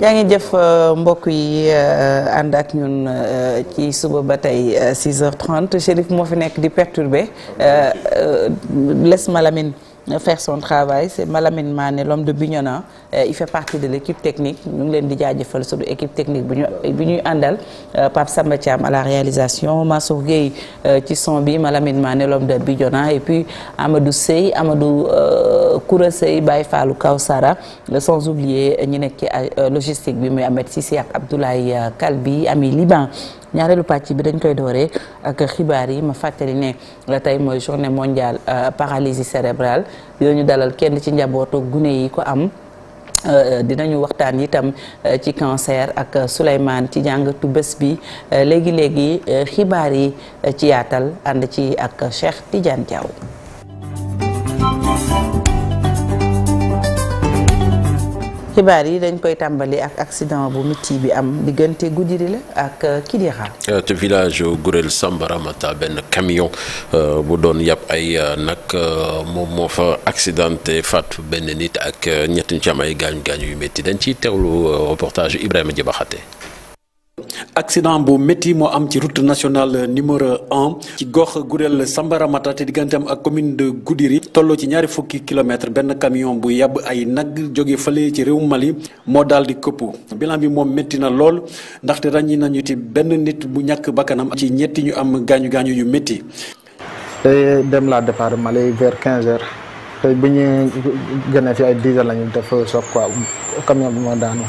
yaa ngi jëf euh, mbokk yi euh, ànd ak ñun euh, ci suba ba tey 6h30 Chérif moo fi nekk di perturbé les Malamine. faire son travail c'est Malamine Mané l'homme de Bignona euh, il fait partie de l'équipe technique ñu ngi leen di jaajëfal sunu équipe technique bu ñu bi ñuy àndal euh, Pape sama Thiam à la réalisation Massour Gueye euh, ci son bi Malamine Mané l'homme de Bignona et puis Amadou Sey Amadou Koura Sey falu kaw sara sans oublier ñi nekk ci logistique bi muy Ahmed Sissi ak Abdoulaye Kalbi Ami Liban ñaareelu pàcc bi dañ koy dooree ak xibaar yi ma fàttali ne tey mooy journée mondiale euh, paralysie cérébrale yooyu ñu dalal kenn ci njabootu gune yi ko am. Euh, euh, dinañu waxtaan itam ci cancer ak Souleymane ci jàngatu bés bi léegi léegi xibaar yi ci yaatal ànd ci ak Cheikh Tidiane Diaw. xibaar yi dañ koy tàmbali ak accident bu metti bi am diggante Goudiri la ak euh, Kidira. te euh, village Gourel Sambaramata benn camion euh, bu doon yàpp ay nag moom moo fa accidenté faat benn nit ak ñett ñu ci ay gaañu gaañu yu métti dañ ciy teewlu reportage Ibrahima Diabaxate. accident bu métti moo am ci route nationale numéro un ci gox Gurel Sambaramata te digganteem ak commune de Goudiri tolloo ci ñaari fukki kilomètre benn camion bu yàbb ay nag joge fële ci réew Mali moo daal di këpp bilan bi moom métti na lool ndaxte ràññi nañu ci benn nit bu ñàkk bakkanam ci ñetti ñu am gaañu gaañu yu métti. tey dem laa départ Mali vers 15 heures tey bu ñu gënee fi ay 10 heures def soog quoi bi moo daanu.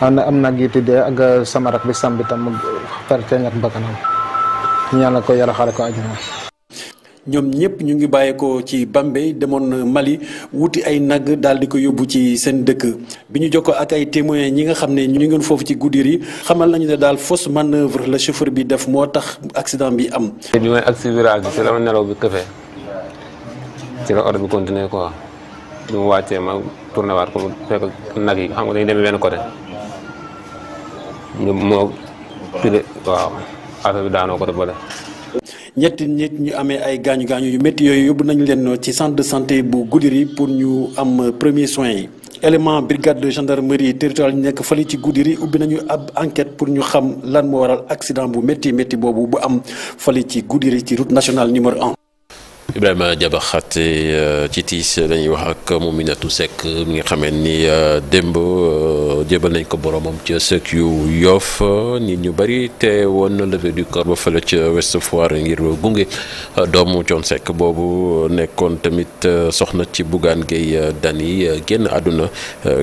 am na am nag yi tëddee ak euh, sama rak bi sam bi tam perte ñett bakkanam ñaanal ko yàlla xaare ko àjjana ñoom ñëpp ñu ngi bàyyeekoo ci Bambey demoon Mali wuti ay nag daal di ko yóbbu ci seen dëkk bi ñu jokkoo ak ay témoins ñi nga xam ne ñu ngi foofu ci guddir yi xamal nañu ne daal fausse manœuvre la chauffeur bi def moo tax accident bi am. bi may agsi virage bi ci la ma nelaw bi këfee ci la oto bi continué quoi bi mu wàccee ma tourné waat ko fekk nag yi xam nga dañuy demee benn côté. ñu moo file waaw affaire bi daanoo ko te bële ñetti nit ñu amee ay gaañu gaañu yu métti yooyu yóbbu nañu leen ci centre de santé bu Goudiri pour ñu am premier soins yi élément brigade de gendarmerie territoriale ñu nekk fële ci Goudiri ubbi nañu ab enquête pour ñu xam lan moo waral accident bu métti métti boobu bu am fële ci Goudiri ci route nationale numéro 1. Ibrahima Diaba Khaté euh, ci tiis lañuy wax ak Mouminatou Seck mi nga xamee ni euh, démb euh, jébal nañ ko boromam ca sëkk yu yoof nit ñu bëri te woon na levée du corps ba fële ca West Foire ngir gunge doomu Thione Seck boobu nekkoon tamit soxna ci Bougane Gueye Dany génn àdduna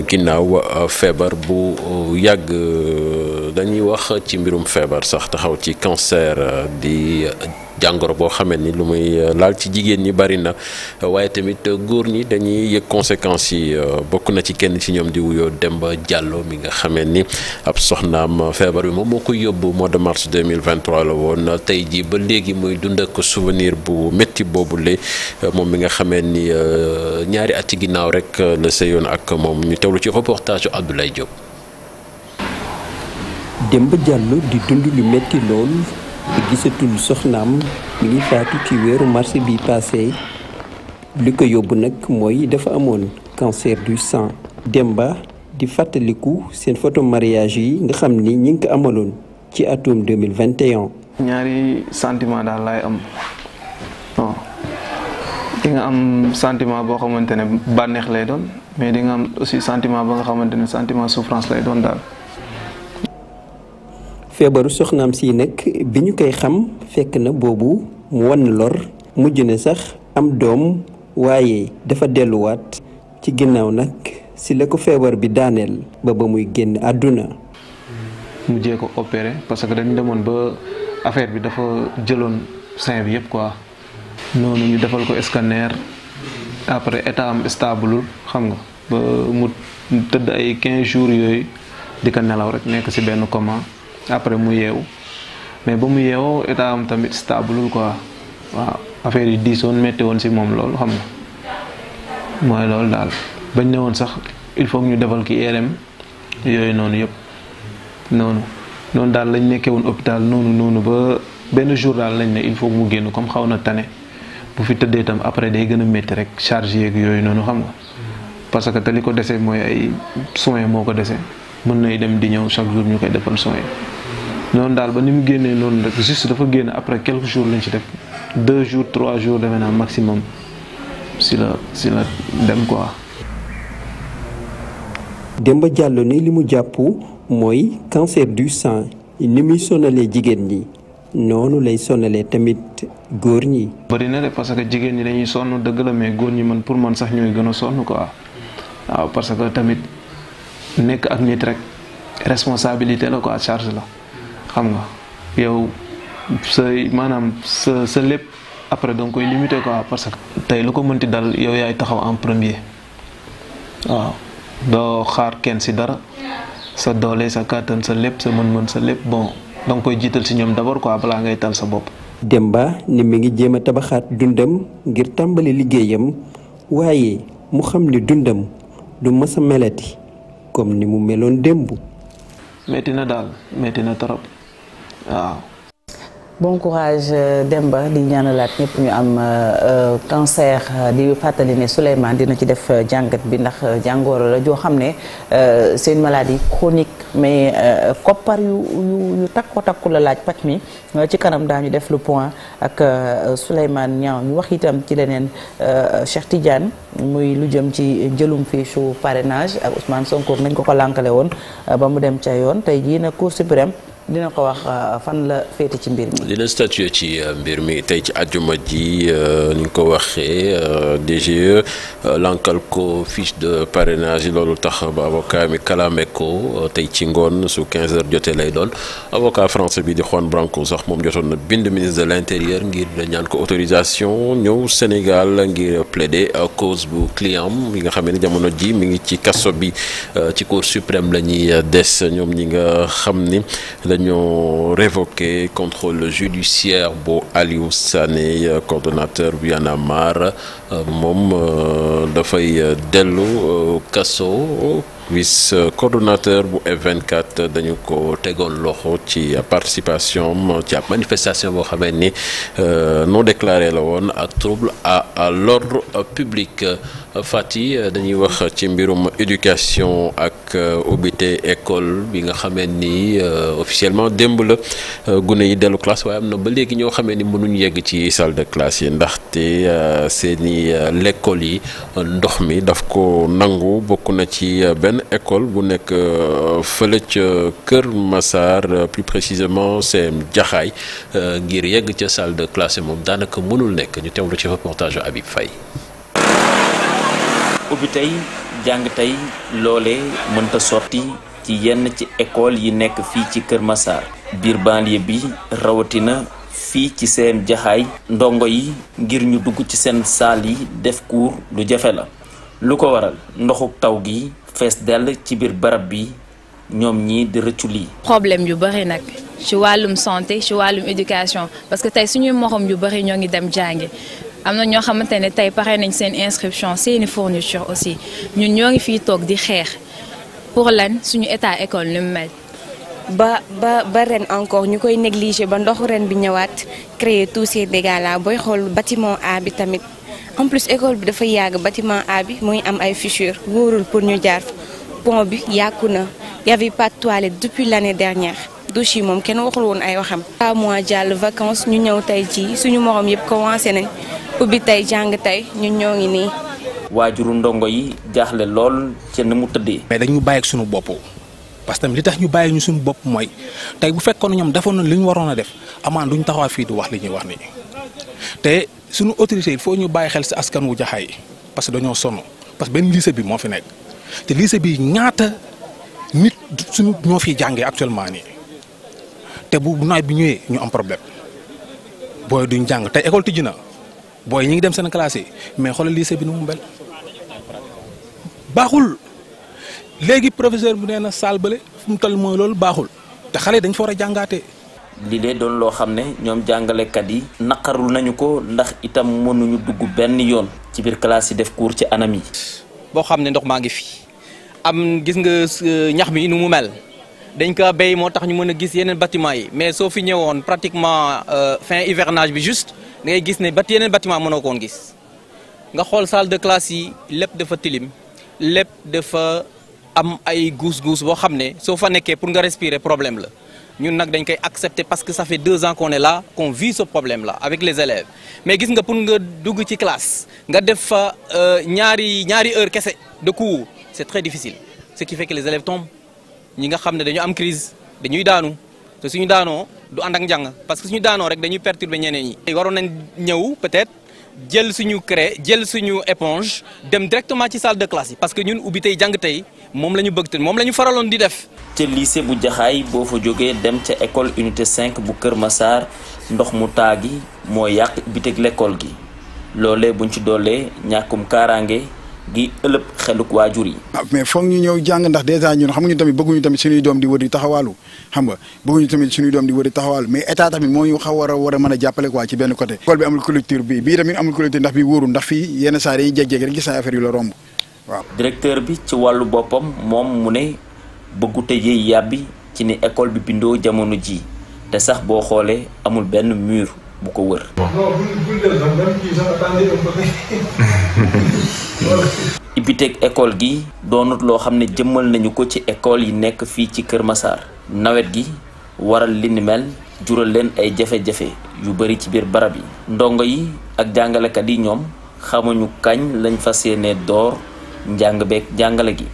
ginnaaw feebar bu yàgg dañuy wax ci mbirum feebar sax taxaw ci cancer di. jàngoro boo xamee ni lu muy euh, laal ci jigéen ñi bari na waaye tamit euh, góor ñi dañuy yëg conséquence yi euh, bokk na ci kenn ci ñoom di wuyoo Demba jàlloo mi nga xamee ni ab soxnaam feebar bi moom moo koy yóbbu mois de mars 2023 la woon tey jii ba léegi muy dund ak souvenir bu métti boobu la moom mi nga xamee ni ñaari at ci ginnaaw rek la yoon ak moom ñu teewlu ci reportage yu Abdoulaye Diop. Demba gisatul soxnaam mi ngi faatu ci weeru mars bi passé li ko yóbbu nag mooy dafa amoon cancer du dem ba di fàttaliku seen photo mariage yi nga xam ni ñi ngi ko amaloon ci atum 2021 ñaari sentiment daal laay am bon di nga am sentiment boo xamante ne bànneex lay doon mais di nga am aussi sentiment ba nga xamante ne sentiment souffrance lay doon daal feebaru soxnaam si nag bi ñu koy xam fekk na boobu mu wan lor mujj na sax am doom waaye dafa delluwaat ci ginnaaw nag si la ko feebar bi daaneel ba ba muy génn àdduna. mu ko opere parce que dañu demoon ba affaire bi dafa jëloon sein bi yëpp quoi. noonu ñu defal ko scanner après état am stable xam nga ba mu tëdd ay 15 jours yooyu di ko nelaw rek nekk ci benn comment après mu yeewu mais ba mu yeewoo état am tamit stable quoi waaw affaire yi diisoon métti woon si moom loolu xam nga mooy loolu daal bañ ne woon sax il faut ñu defal ki IRM yooyu noonu yëpp noonu noonu daal lañ nekkee woon hôpital noonu noonu ba benn jour daal lañ ne il faut mu génn comme xaw na tane bu fi tëddee tam après day gën a métti rek charge yeeg yooyu noonu xam nga parce que te li ko dese mooy ay soins moo ko dese mën nay dem di ñëw chaque jour ñu koy defal soins noonu daal ba ni mu génnee noonu rek juste dafa génn après quelques jour lañ ci def deux jour trois jours defe naa maximum si la si la dem quoi. Demba ni li mu jàpp mooy cancer du sang ni muy sonalee jigéen ñi noonu lay sonalee tamit góor ñi. bari na de parce que jigéen ñi dañuy sonn dëgg la mais góor ñi man pour man sax ñooy gën a sonn quoi waaw parce que tamit nekk ak nit rek responsabilité la quoi charge la. xam nga yow sa maanaam sa sa lépp après danga koy limité quoi parce que tey lu ko mënti dal yow yaay taxaw en premier waaw doo xaar kenn ci dara sa doole sa kàttan sa lépp sa mën-mën sa lépp bon danga koy jiital ci ñoom d'abord quoi balaa ngay tal sa bopp. dem ba ni mu ngi jéem a tabaxaat dundam ngir tàmbali liggéeyam waaye mu xam ni dundam du mës a melati comme ni mu meloon démb. metti na daal metti na trop. waaw. bon courage euh, Demba di ñaanalaat ñëpp ñu am euh, euh, cancer di fàttali ne Souleymane dina ci def jàngat bi ndax jàngoro la joo xam ne c'est une maladie chronique mais koppar yu yu yu takku la laaj paj mi ci kanam daa daañu def lu point ak Souleymane Niang ñu wax itam ci leneen Cheikh Tidiane muy lu jëm ci jëlum fi fichu parrainage ak Ousmane Sonko nañ ko ko lànkale woon ba mu dem ca yoon tey jii na Cour dina ko wax euh, fan la féete ci mbir mi. Euh, mbir mi tey ci àjjuma ji euh, ni ñu ko waxee DGE lankal ko fiche de parrainage loolu tax ba avocat mi kalaame ko tey ci ngoon su 15 heures jotee lay doon avocat français bi di Juan Branco sax moom jotoon na bind ministre de l' intérieur ngir ñaan ko autorisation ñëw Sénégal ngir plaider à cause bu client bi nga xam ne jamono ji mi ngi ci kaso bi ci cour suprême la ñuy des ñoom ñi nga xam ni. dañoo révoqué contrôle judiciaire bu Aliou Sané coordonnateur bu Y'en a marre euh, moom euh, dafay euh, dellu kaso vice euh, coordonnateur bu F24 dañu ko tegoon loxo ci participation ci ab manifestation boo xamee ni euh, noo déclaré la woon ak trouble à l'ordre public Fati euh, dañuy wax ci mbirum éducation ak ubbite école bi nga xamee ni officiellement démb la gune yi dellu classe waaye am na ba léegi ñoo xamee ni mënuñ yegg ci salle de classe yi ndaxte seeni lekkool yi ndox mi daf ko nangu bokk na ci benn benn école bu nekk euh, fële ca Kër Massar euh, plus précisément CM Jaxaay euh, ngir yegg ca salle de daanaka mënul nekk ñu teewlu ci reportage Habib Faye. ubbi tey jàng tey loolee mënta sotti ci yenn ci école yi nekk fii ci Kër Massar biir banlieue bi rawatina. fii ci seen jaxaay ndongo yi ngir ñu dugg ci seen saal yi def cours lu jafe la lu ko waral ndoxu taw gi fees dell ci biir barab bi ñoom ñii di rëccu lii. problème yu bëri nag ci wàllum santé ci wàllum éducation parce que tey suñuy morom yu bëri ñoo ngi dem jàngi am na ñoo xamante ne tey pare nañ seen inscription seeni fourniture aussi ñun ñoo ngi fi toog di xeex pour lan suñu état école lu mu mel. ba ba ba ren encore ñu koy négliger ba ndoxu ren bi ñëwaat créer tous ces dégâts booy xool bâtiment A bi tamit. en plus école bi dafa yàgg bâtiment A bi mu am ay fissures wóorul pour ñu jaar pont bi yàqu na y avait pas de toilette depuis l'année dernière douche yi moom kenn waxul woon ay waxam. trois mois jàll vacances ñu ñëw tey ci suñu morom yëpp commencé nañ ubbi tey jàng tey ñun ñoo ngi nii. waajuru ndongo yi jaaxle lool ci ni mu tëddee. mais dañu bàyyi ak suñu bopp parce que li tax ñu bàyyi ñu suñu bopp mooy tey bu fekkoon ñoom defoon na li ñu waroon a def amaan duñ taxawaat fii di wax li ñuy wax nii suñu autorité yi faut ñu bàyyi xel si askan wu jaxaay parce que dañoo sonn parce que benn lycée bi moo fi nekk te lycée bi ñaata nit suñu ñoo fi jàngee actuellement nii te bu naaj bi ñëwee ñu am problème booy duñ jàng tey école tijji na booy ñi ngi dem seen classe yi mais xoolal lycée bi nu mu mel baaxul léegi professeur bi nee na saal bële fu mu toll mooy loolu baaxul te xale dañ fa war a jàngaatee. lii dee doon loo xam ne ñoom jàngalekat yi naqarul nañu ko ndax itam mënuñu dugg benn yoon ci biir classe yi def cours ci anam yi. boo xam ne ndox maa ngi fi am gis nga euh, ñax mi nu mu mel dañ ko béy moo tax ñu mën a gis yeneen bâtiment yi mais soo fi ñëwoon pratiquement euh, fin hivernage bi juste ngay gis ne bat yeneen bâtiment mënoo koon gis nga xool salle de classe yi lépp dafa tilim lépp dafa am ay guus guus boo xam ne soo fa nekkee pour nga respirer problème la. ñun nag dañ koy accepter parce que ça fait deux ans qu'on est là qu'on vit ce problème là avec les élèves mais gis nga pour nga dugg ci classe nga def fa euh, ñaari ñaari heure kese de cours c'est très difficile ce qui fait que les élèves tombent ñi nga xam ne dañu am crise dañuy daanu te suñu daanoo du ànd ak njàng parce que ñu daanoo rek dañuy perturber ñeneen ñi. waroon nañ ñëw peut-être jël suñu craie jël suñu éponge dem directement ci salle de classe yi parce que ñun ubbi tey jàng moom la ñu bëgg te moom lañu faraloon di def. ca lycée bu jaxaay boo fa jógee dem ca école unité 5 bu Kër saar ndox mu taa gi moo yàq biteg l'école gi loolee buñ ci doolee ñàkkum kaaraange gi ëlëb xeluk waajur yi. Ah, mais foog ñu ñëw jàng ndax dèjà ñun xam nga ñu tamit bëgguñu tamit suñuy doom di wër di a a mën a bi amul culture bi bii tamit amul culture ndax bi wóorul ndax fii yenn saa dañuy jékki-jékki rek gis naa affaire yu la romb. waaw directeur bi ci wàllu boppam moom mu ne bëggute yëy yàbbi ci ni école bi bindoo jamono jii te sax boo xoolee amul benn mur bu ko wër. ibbiteg école gi doonut loo xam ne jëmmal nañu ko ci école yi nekk fii ci Kër Massar nawet gi waral li ni mel jural leen ay jafe-jafe yu bari ci biir barab yi ndongo yi ak jàngalekat yi ñoom xamuñu kañ lañ fa yéene door. njàng beeg jàngale gi.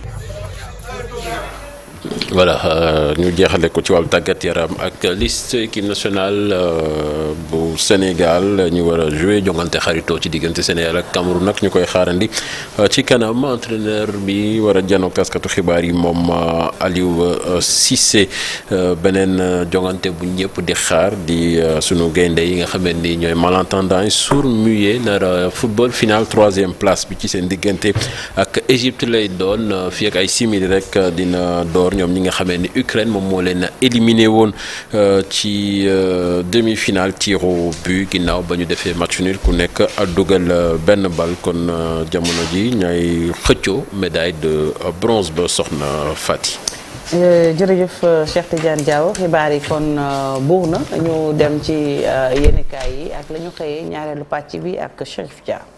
voilà euh, ñu jeexale ko ci wàllu tàggat yaram ak liste équipe nationale euh, bu Sénégal ñu war a joué jongante xaritoo ci diggante Sénégal ak Cameroun nag ñu koy xaarandi euh, ci kanam entraîneur bi war a janoo taskatu xibaar yi moom Aliou Cissé beneen jongante bu ñëpp di xaar di sunu gaynde yi nga xamee ni ñooy malentendant yi sourd muet nara football final troisième place bi ci seen diggante ak Égypte lay doon fii ak ay simili rek dina door. ñoom ñi nga xamee ni Ukraine moom moo leen éliminé woon euh, ci euh, demi-finale tir au but ginnaaw ba ñu defee match nul ku nekk dugal euh, benn bal kon jamono ji ñooy xëccoo médaille de bronze ba soxna Fati. jërëjëf Cheikh Tidiane Diaw xibaar yi kon buur na ñu dem ci yéenekaay yi ak lañu xëyee ñaareelu pàcc bi ak Cheikh Dia.